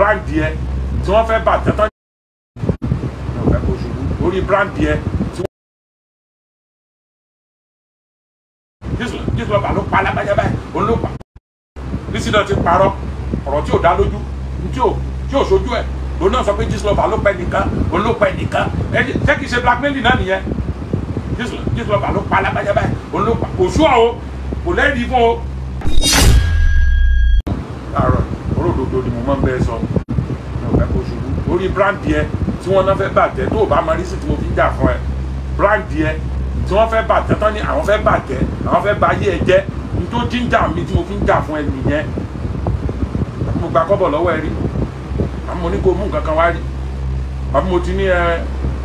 brand yẹ tí wọ́n fẹ́ bà tẹ́tọ́ ní brand yẹ tí wọ́n. jésù jésù ọba ló pa alágbájá báyìí òun ló pa bísí náà ti parọ́ ọ̀rọ̀ tí ò dá lójú tí ò tí ò ṣojú ẹ̀ òun náà sọ pé jésù ọba ló pa ẹnìkan òun ló pa ẹnìkan ẹni jẹ́ kí n ṣe blackmailing náà nìyẹn jésù jésù ọba ló pa alágbájá báyìí òun ló pa kò sú ọ o kò lẹ́rìí fún o. láàárọ̀ òródodo ni mo máa ń bẹ́ẹ̀ sọ lórí bíráǹdì ẹ tí wọ́n náà fẹ́ bàtẹ́ tó o bá mọ rísì tí mo fi ń jà fún ẹ bíráǹdì ẹ tí wọ́n fẹ́ bàtẹ́ tán ni àwọn fẹ́ bàtẹ́ àwọn fẹ́ ba ayé ẹ jẹ́ n tó jíjà mi tí mo fi ń jà fún ẹ nìyẹn mo gba kọ́bọ̀ lọ́wọ́ ẹ rí àmọ́ ní kò mú nǹkan kan wá rí àmọ́ mo ti ní ẹ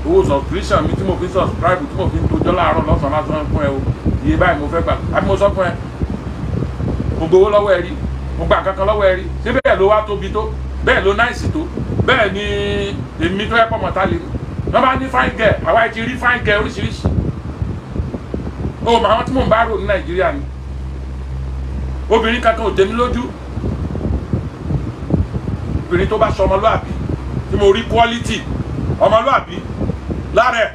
owó subscription mi tí mo fi subscribe tí mo fi ń dojọ́ láàárọ̀ lọ́sàn-án lásán fún ẹ o iye báyìí mo fẹ́ gbà àbí mo sọ fún ẹ mo gbowó lọ́wọ́ ẹ rí mo gba nǹkan kan ẹ rí síbẹ̀ ló wá tóbi tó bẹ́ẹ̀ ló náìsì tó bẹ́ẹ̀ ni èmi tó yẹ pọ̀mọ́ta lè ní wọ́n bá ní fine girl àwa ti rí fine girl oríṣiríṣi o mọ àwọn tí mò ń bá rò ní Nàìjíríà ni obìnrin kankan ò jẹ mí lójú obìnrin tó bá sọ ọmọlúàbí tí mo rí quality ọmọlúàbí lára ẹ̀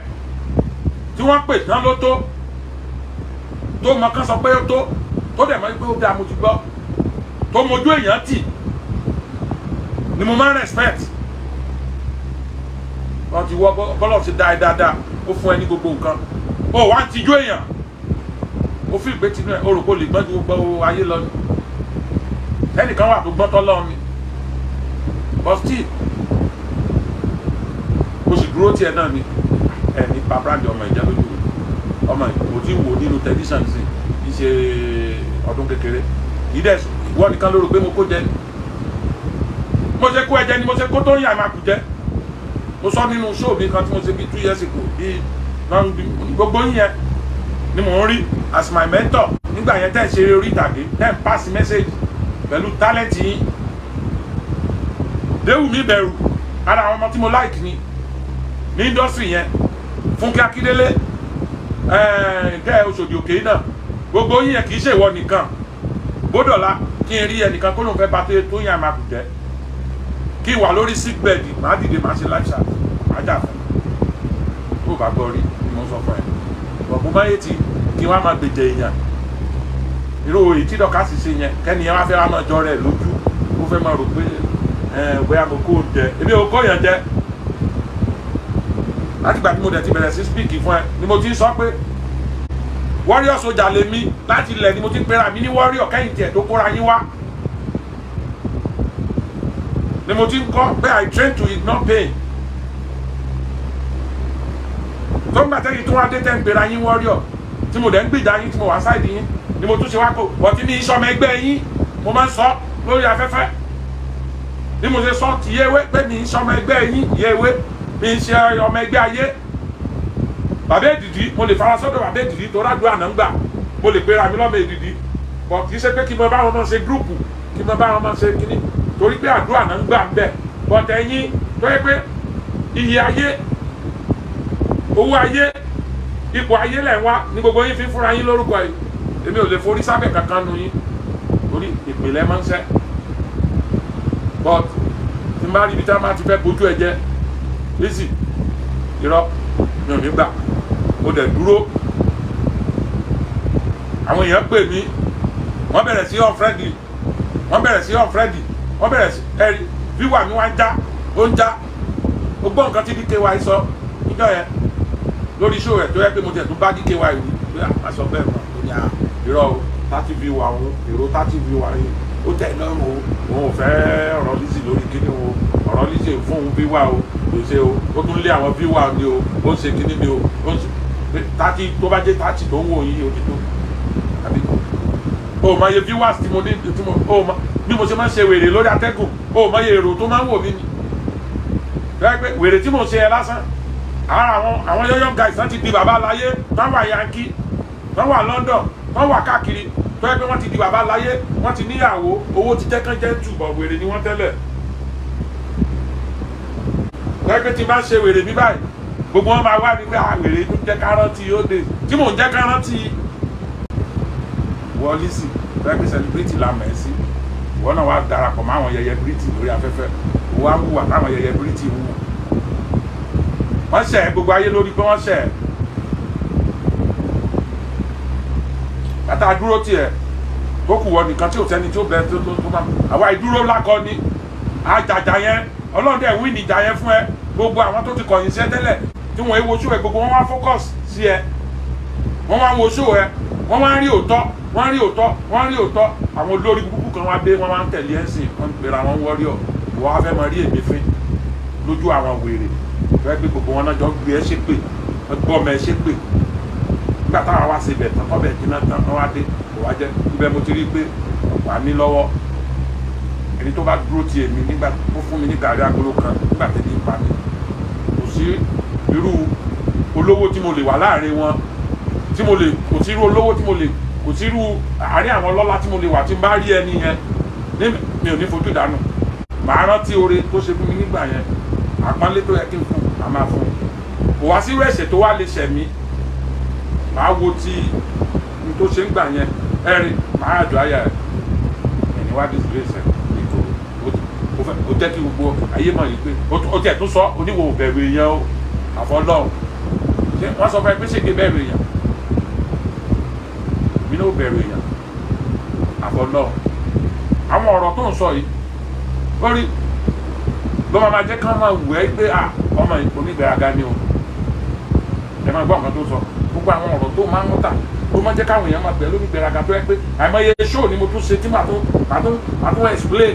tí wọ́n pè tán ló tó tó mọ kán sọ pé ó tó tó dẹ̀ mọ́ pé ó dáa mo ti gbọ́ tó mojú èèyàn tì ni mo máa ń respect wọn ti wọ bọ́lọ̀ ti da ẹ dáadáa ó fún ẹ ní gbogbo nǹkan ó wá ti jó èèyàn ó fi ìgbé tinú ẹ ó rò pé ó lè gbọ́n ju gbogbo ayé lọ ni ẹnìkan wà tó gbọ́n tọ́ lọ́wọ́ mi but still mo sì dúró tiẹ̀ náà ni ẹ ní paprandi ọmọ ìjà lójú ọmọ mo ti wò nínú tẹlifíṣàn sí I í ṣe ọdún kékeré yìí dẹ̀ wọ́n nìkan ló rò pé mo kó jẹ ni mo ṣe kó ẹ̀jẹ̀ ni mo ṣe kó tó ń yà máa kù jẹ́ mo sọ nínú show mi kan tí mo ṣe bí two years ago bí gbogbo yẹn ni mò ń rí as my mentor nígbà yẹn tẹ́ ń ṣeré orí ìtàgé tẹ́ ń pass message pẹ̀lú talent yín Déwùmí bẹ̀rù ara àwọn ọmọ tí mo like ni ní industry yẹn Fúnkẹ́ Akíndélé ẹ̀ẹ́dẹ́ eh, Oṣòdì Òkè náà gbogbo yín yẹn kì í ṣèwọ nìkan bódọ̀lá kí n rí ẹnìkan kó lóun fẹ́ bá tó yàn máa kù jẹ́ kí wà lórí sick bed má dìde má ṣe láṣà má jà fún tó bá gbọ́ rí ni mo sọ fún ẹ ọ̀gbọ́n máyé ti kí wọ́n á máa gbèjẹ èèyàn irú òye tí dọ́ka sì ṣe yẹn kẹ́ni yẹn wá fẹ́ wá máa jọ rẹ̀ lójú ó fẹ́ máa rò pé bóyá mo kó jẹ ebi o kó yàn jẹ láti gbà tí mo dẹ̀ ti bẹ̀rẹ̀ sí speak fún ẹ ni mo ti sọ pé warrior sójà lèmi láti ilẹ̀ ni mo ti pera mi ní warrior kẹ́yìn tiẹ̀ tó kóra yín wá ni mo ti ń kọ́ pé I train to ignore pain tó ń gbà tẹ́yìn tó wá dé tẹ́ ń pera yín warrior tí mo dẹ̀ ń gbìjà yín tí mo wá sáìdì yín ni mo tún ṣe wá kó bọ̀tí mi iṣọ́ ọmọ ẹgbẹ́ yín mo máa ń sọ lórí afẹ́fẹ́ ni mo ṣe sọ ti yéwé pé mi iṣọ́ ọmọ ẹgbẹ́ yín yéwé mi ṣe ọmọ ẹgbẹ́ ayé bàbá èdìdí mo lè fara sọ́dọ̀ bàbá èdìdí tó rádùú àná ń gbà mo lè pera mi lọ́mọ èdìdí bọ̀ kì í ṣe pé kí mo bá wọn ṣe gúrùpù kí mo bá wọn ṣe kíní torí pé àdúrà náà ń gbà ń bẹ̀ bọ́tẹ̀ yín tó yẹ pé iyì ayé owó ayé ipò ayé lẹ̀ ń wá ní gbogbo yín fi fúnra yín lórúkọ yìí èmi ò lè forí sábẹ̀ kankan nu yín torí ìpìlẹ̀ máa ń sẹ́ but tí n bá rí ibi tá a máa ti fẹ́ bójú ẹ jẹ́ lizzy irọ́ mi ò ní gbà mo dẹ̀ dúró àwọn èèyàn pè mí wọ́n bẹ̀rẹ̀ sí unfriendly wọ́n bẹ̀rẹ̀ sí unfriendly wọ́n bẹ̀rẹ̀ sí ẹ̀rí wíwà mi wá ń já ó ń já ó gbọ́ nǹkan tí DKY sọ níjọ́ yẹn lórí show rẹ̀ tó yẹ pé mo tẹ̀ tó bá DKY wí pé àpàṣọ bẹ́ẹ̀ mọ̀ ó ní à irọ́ o thirty view wa òun èrò thirty view wa yìí ó tẹ̀ lọ́rùn o òun ò fẹ́ ọ̀rọ̀ Lizzy lórí kíní o ọ̀rọ̀ Lizzy fún òun view wa o kò ṣe o ó tún lé àwọn view wa ni o ó ń ṣe kíní ni o ó ń ṣe thirty tó bá jẹ́ thirty tó ń wò yìí ó ti tó àbí o ò máa yẹ viewers tí mo ní tí mo ò máa bí mo ṣe máa ń ṣe wèrè lórí atẹ́gùn o mọ èrò tó máa ń wò mí ni pé wèrè tí mo ṣe ẹ lásán ara àwọn àwọn yọyọ guys náà ti di bàbá láyé wọ́n wà Yankee wọ́n wà London wọ́n wà káàkiri tó wọ́n ti di bàbá láyé wọ́n ti níyàwó owó ti jẹ́kán jẹ́ wèrè ni wọ́n tẹ́lẹ̀ tó tí n bá ṣe wèrè mi báyìí gbogbo wọn máa wá mi pé à ah, wèrè tó jẹ́ kárọ́tì ó dé tí mò ń jẹ́ kárọ́tì wọlé sí tó yẹ la mẹ̀ wọn náà wá darapọ̀ mọ́ àwọn yẹyẹ bíríìtì lórí afẹ́fẹ́ wọ́n á wùwà táwọn yẹyẹ bíríìtì wù wọ́n ṣẹ̀ gbogbo ayé lórí pé wọ́n ṣẹ̀ bàtà dúró tiẹ̀ tó kù wọ nìkan tí ò sẹ́ni tí ó bẹ tó tó tó bá àwa ìdúró lákọ ni àjàjà yẹn ọlọ́run dẹ̀ wí nìjà yẹn fún ẹ gbogbo àwọn tó ti kọ̀yìn sí ẹ tẹ́lẹ̀ tí wọ́n ewo ṣó ẹ gbogbo wọn wá focus sí ẹ wọ́n wá wo ṣó ẹ wọ́n wá rí òótọ́ wọ́n rí òótọ́ wọ́n rí òótọ́ àwọn olórí kúkú kan wá dé wọ́n máa ń tẹ̀lé ẹ̀sìn wọ́n ń pera wọn wọ́ríọ̀ ìwọ wá fẹ́ mọ rí èmi fín lójú àwọn wèrè fẹ́ gbé gbogbo wọn náà jọ gbé ẹ ṣépè gbọ́ mọ ẹ ṣépè nígbà táwọn wá síbẹ̀ tán tọ́ bẹ̀ jiná tán wá dé kò wá jẹ́ ibẹ̀ mo ti rí pé wà mí lọ́wọ́ ẹni tó bá dúró ti èmi nígbà tó fún mi ní gàrí agolo kan nígbà tí ní ipa kò sí irú olówó tí mo lè wà láàrin wọn tí mo lè kò sí irú olówó tí mo lè kò sí irú àárín àwọn ọlọ́lá tí mo lè wà tí n bá rí ẹni yẹn ní mi ò ní fojú dànù màá rántí oore tó ṣe fún mi nígbà yẹn àpọ́nlé tó yẹ kí n fún a máa fún kò wá sí irú ẹ̀ṣẹ̀ tó wá lè ṣẹ̀ mí màá wo ti n tó ṣe ń gbà yẹn ẹ̀rín màá àjọ àyà ẹ̀yìn wá disgrace ẹ̀ ìkòrò ó jẹ́ kí gbogbo ayé mọ̀ yìí pé ó tiẹ̀ tún sọ oníwòbẹ̀rù èèyàn o àfọ́ náà sọ fún ẹ pé ṣègbè bẹ̀rù èèyàn èmi náà bẹ̀rù èèyàn àfọ̀nà àwọn ọ̀rọ̀ tó ń sọ yìí lórí lọ́wọ́ máa jẹ́ ká máa wù ẹ́ pé à ọmọ onígbéraga ni o ẹ máa gbọ́ nǹkan tó sọ gbogbo àwọn ọ̀rọ̀ tó máa ń tà tó máa jẹ́ káwọn èèyàn máa bẹ̀rù onígbéraga tó yẹ pé àìmọye show ni mo tún ṣe tí màá tó màá tó màá tó explain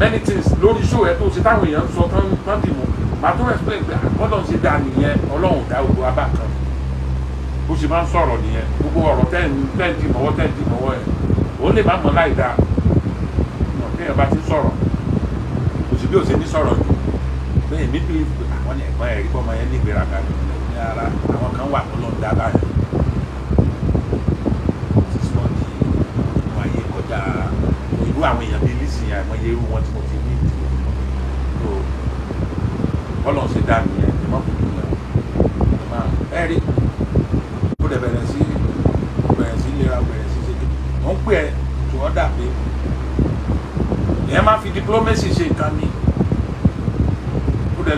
many things lórí show ẹ tó ṣe táwọn èèyàn ń sọ tán tán dìbò màá tó explain pé àkọ́dọ̀ ń ṣe dáa nìyẹn ọlọ́run dá gbogbo abá kan bó ṣe máa ń sọ̀rọ̀ nìyẹn gbogbo ọ̀rọ̀ tẹ́ǹtì mọ́wọ́ tẹ́ǹtì mọ́wọ́ ẹ̀ ó lè má mọ̀ láì dáa mọ̀ bí ẹ̀ bá ti sọ̀rọ̀ kò sí bí ò ṣe ní sọ̀rọ̀ jù bẹ́ẹ̀ mi bí àwọn ẹ̀gbọ́n ẹ̀rí pọ̀ mọ́ yẹn ní ìgbéraga ní ara àwọn kan wà tó lọ ń dábàá yẹn sísọ ní àwọn ayé kọjá irú àwọn èèyàn bíi lísìn àìmọye irú wọn tí mo ti ní ìdìbò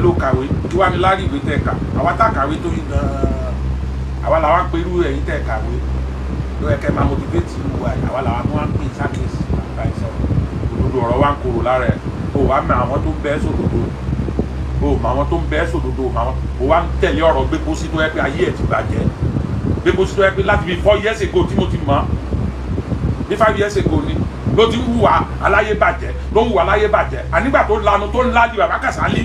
ló kàwé kí wàá ní lárí ìwé tẹ̀ kà àwa tá kàwé tó yín gan-an àwa làwa pé irú ẹ̀yìn tẹ̀ kàwé ló yẹ kẹ́ máa motivate irú wa àwa làwa tó wá ń pè sákèsì àgbà ìsọ̀rọ̀ òdodo ọ̀rọ̀ wa ń korò lára ẹ̀ o wa mọ àwọn tó ń bẹ́ sòdodo o mọ àwọn tó ń bẹ́ sòdodo o mọ àwọn o wa ń tẹ̀lé ọ̀rọ̀ gbégbósí tó yẹ pé ayé ẹ̀ ti bàjẹ́ gbégbósí tó yẹ pé láti fi four years ago tí mo ti mọ̀ ní five years ago ni ló ti ń hùwà aláyé bàjẹ́ ló ń hùwà aláyé bàjẹ́ ànígbà tó lanu tó lá di bàbá Kàsálí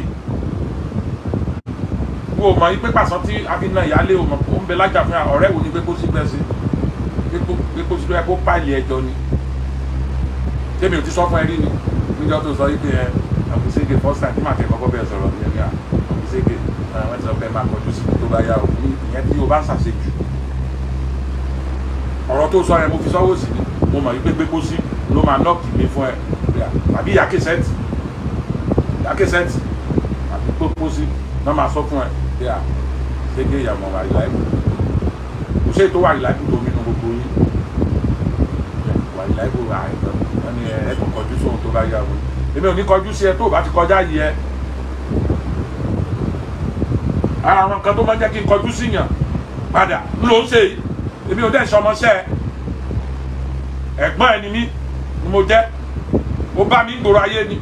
wo mọ̀ ipe pàṣán tí a fi na ìyáálé o mọ̀ kó ń bẹ lájà fún yà ọ̀rẹ́ wo ni gbégbó sígbẹ́ sí gbégbó sígbẹ́ kó pàìlì ẹjọ́ ni tèmi ò ti sọ fún ẹ rí ni níjọ tó sọ wípé ẹ àbùsẹ́gẹ̀ first time tí màá tẹ̀ kọ́kọ́ bẹ́ẹ̀ sọ̀rọ̀ ní ẹ̀rí àbùsẹ́gẹ̀ àwọn ẹ̀sọ́ bẹ́ẹ̀ máa kọjú sí tó bá yá o ní ìyẹn tí o bá ṣàṣe jù ọ̀rọ̀ tó sọ yẹn mo fi sọ́wọ́ sí ni mo mọ̀ wípé gbégbó sí ló máa nọ́ọ̀kì mi fún sọ fún ẹ pé à ṣége ìyàwó wà ìlàìbù kò ṣe tó wà ìlàìbù tó mi nù gbogbo yín wà ìlàìbù àìsàn wọn ni ẹ kò kọjú sóhun tó bá yà wọ èmi ò ní kọjú sí ẹ tó o bá ti kọjá yìí ẹ ara àwọn kan tó máa ń jẹ́ kí n kọjú sí yàn padà ń lò ó ṣe yìí èmi ò dẹ́ sọmọṣẹ́ ẹ̀gbọ́n ẹni mi ni mo jẹ́ ó bá mi gbòòrò ayé ni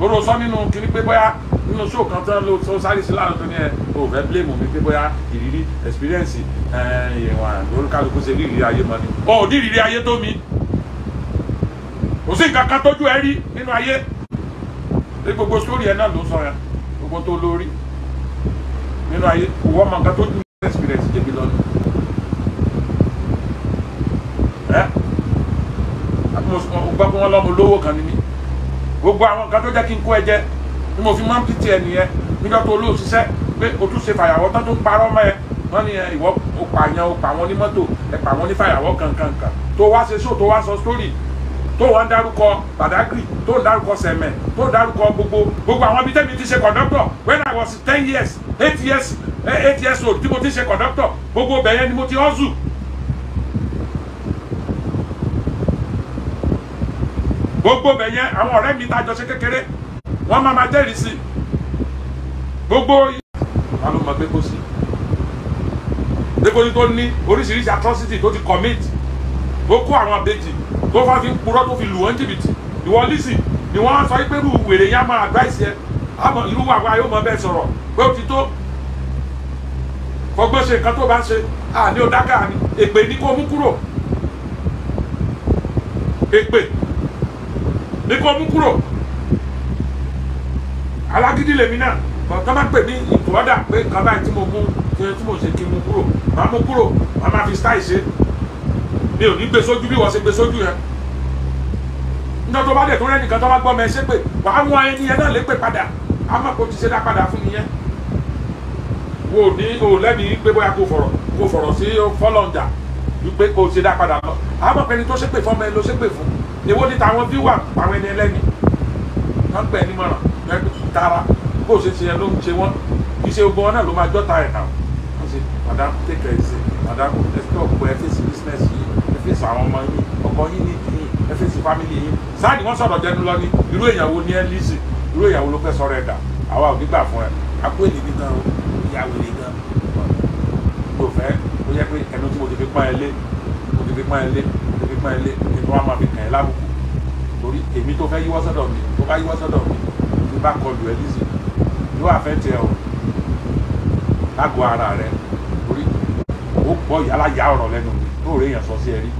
ó rò sọ nínú kiri pé bóyá nínú sou kan tó ń lo tó sáré sí láàrín tó ní ẹ o fẹ́ blame mi pé bóyá ìrírí experience eh, ìwọ̀n lórúkálukú ṣe rí ìrírí ayé mọ́ ni ọ ò ní ìrírí ayé tó mi kò sí nǹkan kan tójú ẹ rí nínú ayé ní gbogbo sórí ẹ náà ló sọ ya gbogbo tó lórí nínú ayé kò wọ́n mọ nǹkan tójú experience débi lọ́nà ẹ àti mo gbọ́ pé wọ́n lọ́mọ lówó kan ní mi gbogbo àwọn ni mo fi máa ń pìtì ẹ nìyẹn nígbà tó olóò ṣiṣẹ́ pé o tún ṣe fàyàwọ́ tán tó ń parọ́ mọ́ ẹ wọ́n ní ìwọ o pààyàn o pa wọn ní mọ́tò ẹ pa wọn ní fàyàwọ́ kankankan tó wá ṣe show tó wá sọ story tó wá ń dárúkọ Badagry tó ń dárúkọ Sẹ̀mẹ̀ tó ń dárúkọ gbogbo gbogbo àwọn ibi tẹ́mi ti ṣe conductor when I was ten years eight years eh, eight years old tí mo ti ṣe conductor gbogbo bẹ̀yẹn ni mo ti hustle gbogbo bẹ̀yẹn àwọn ọ̀rẹ́ mi tá jọ ṣe kékeré wọ́n máa ma jẹ́rìí sí gbogbo ta ló mọ gbégbó sí gbégbóni tó ní oríṣiríṣi atrocity tó ti commit ó kó àwọn abéjì tó fà fi ń purọ́ tó fi lù wọ́n jìbìtì ìwọ lísì ni wọ́n sọ pé irú wèrè yẹn máa advice yẹn àmọ́ irú wàwá yóò mọ bẹ́ẹ̀ sọ̀rọ̀ pé ó ti tó fọgbọ́n ṣe nǹkan tó bá ṣe àní ọ̀dáka ni èpè ní kó mú kúrò èpè ní kó mú kúrò alágídí lèmi náà kọ́ máa ń pè mí ìbúrọ́dà pé nǹkan báyìí tí mo mú tí mo ṣe kí n mú kúrò máa mú kúrò máa máa fi style ṣe mi ò ní gbé sójú bí wọ́n ṣe gbé sójú yẹn nítorí tó bá dẹ̀ tó rẹ́ nìkan tó bá gbọ́ mọ ẹṣẹ́ pé wàá wọn ẹni yẹn náà lépè padà á mọ̀ kó ti ṣe dá padà fún mi yẹn wo ní o lẹ́mìí pé bóyá kò fọ̀rọ̀ kò fọ̀rọ̀ sí fọ́lọ̀ǹdà wípé kò ṣe dá padà lọ á mọ̀ pé tó ṣépè fọ́mọ ẹ ló ṣépè fún ni wọ́n ní tàwọn fíwà àwọn ẹni ẹlẹ́ni wọ́n pẹ́ ẹni mọ̀ràn ẹgbẹ́ tara bó ṣe ṣe ló ń ṣe wọ́n kì í ṣe gbogbo wọn náà ló máa jọ́ta ẹ̀ náà wọ́n ṣe madam take care ṣe madam ẹ fi ọ̀pọ̀ ẹ fèsì business yìí ẹ fèsì àwọn ọmọ yìí ọkọ yìí ní ìdí yìí ẹ fèsì family yìí sáàdì wọ́n sọ̀rọ̀ jẹnu lọ ní irú ìyàwó ní ẹ lísì irú ìyàwó ló fẹ́ sọ̀rọ̀ ẹ̀ dà àwa ò nígbà fún ẹ akó èlì ní gan ìyàwó èlì gan kò fẹ́ ó yẹ pé ẹnu tí mo ti fi pọ́n ẹ lé mo ti fi pọ́n ẹ lé mo ti fi pọ́n ẹ lé ètò wa máa fi kàn ẹ́ lábùkù torí èmi tó fẹ́ yíwọ́ mi tó bá yíwọ́ mi bá kọlù ẹ nísìn yóò àfẹ́ tẹ ọ lágọ̀ọ́ ara rẹ orí ó pọ̀ yàrá yà ọ̀rọ̀ lẹ́nu tó rèéyàn sọ sí ẹ rí.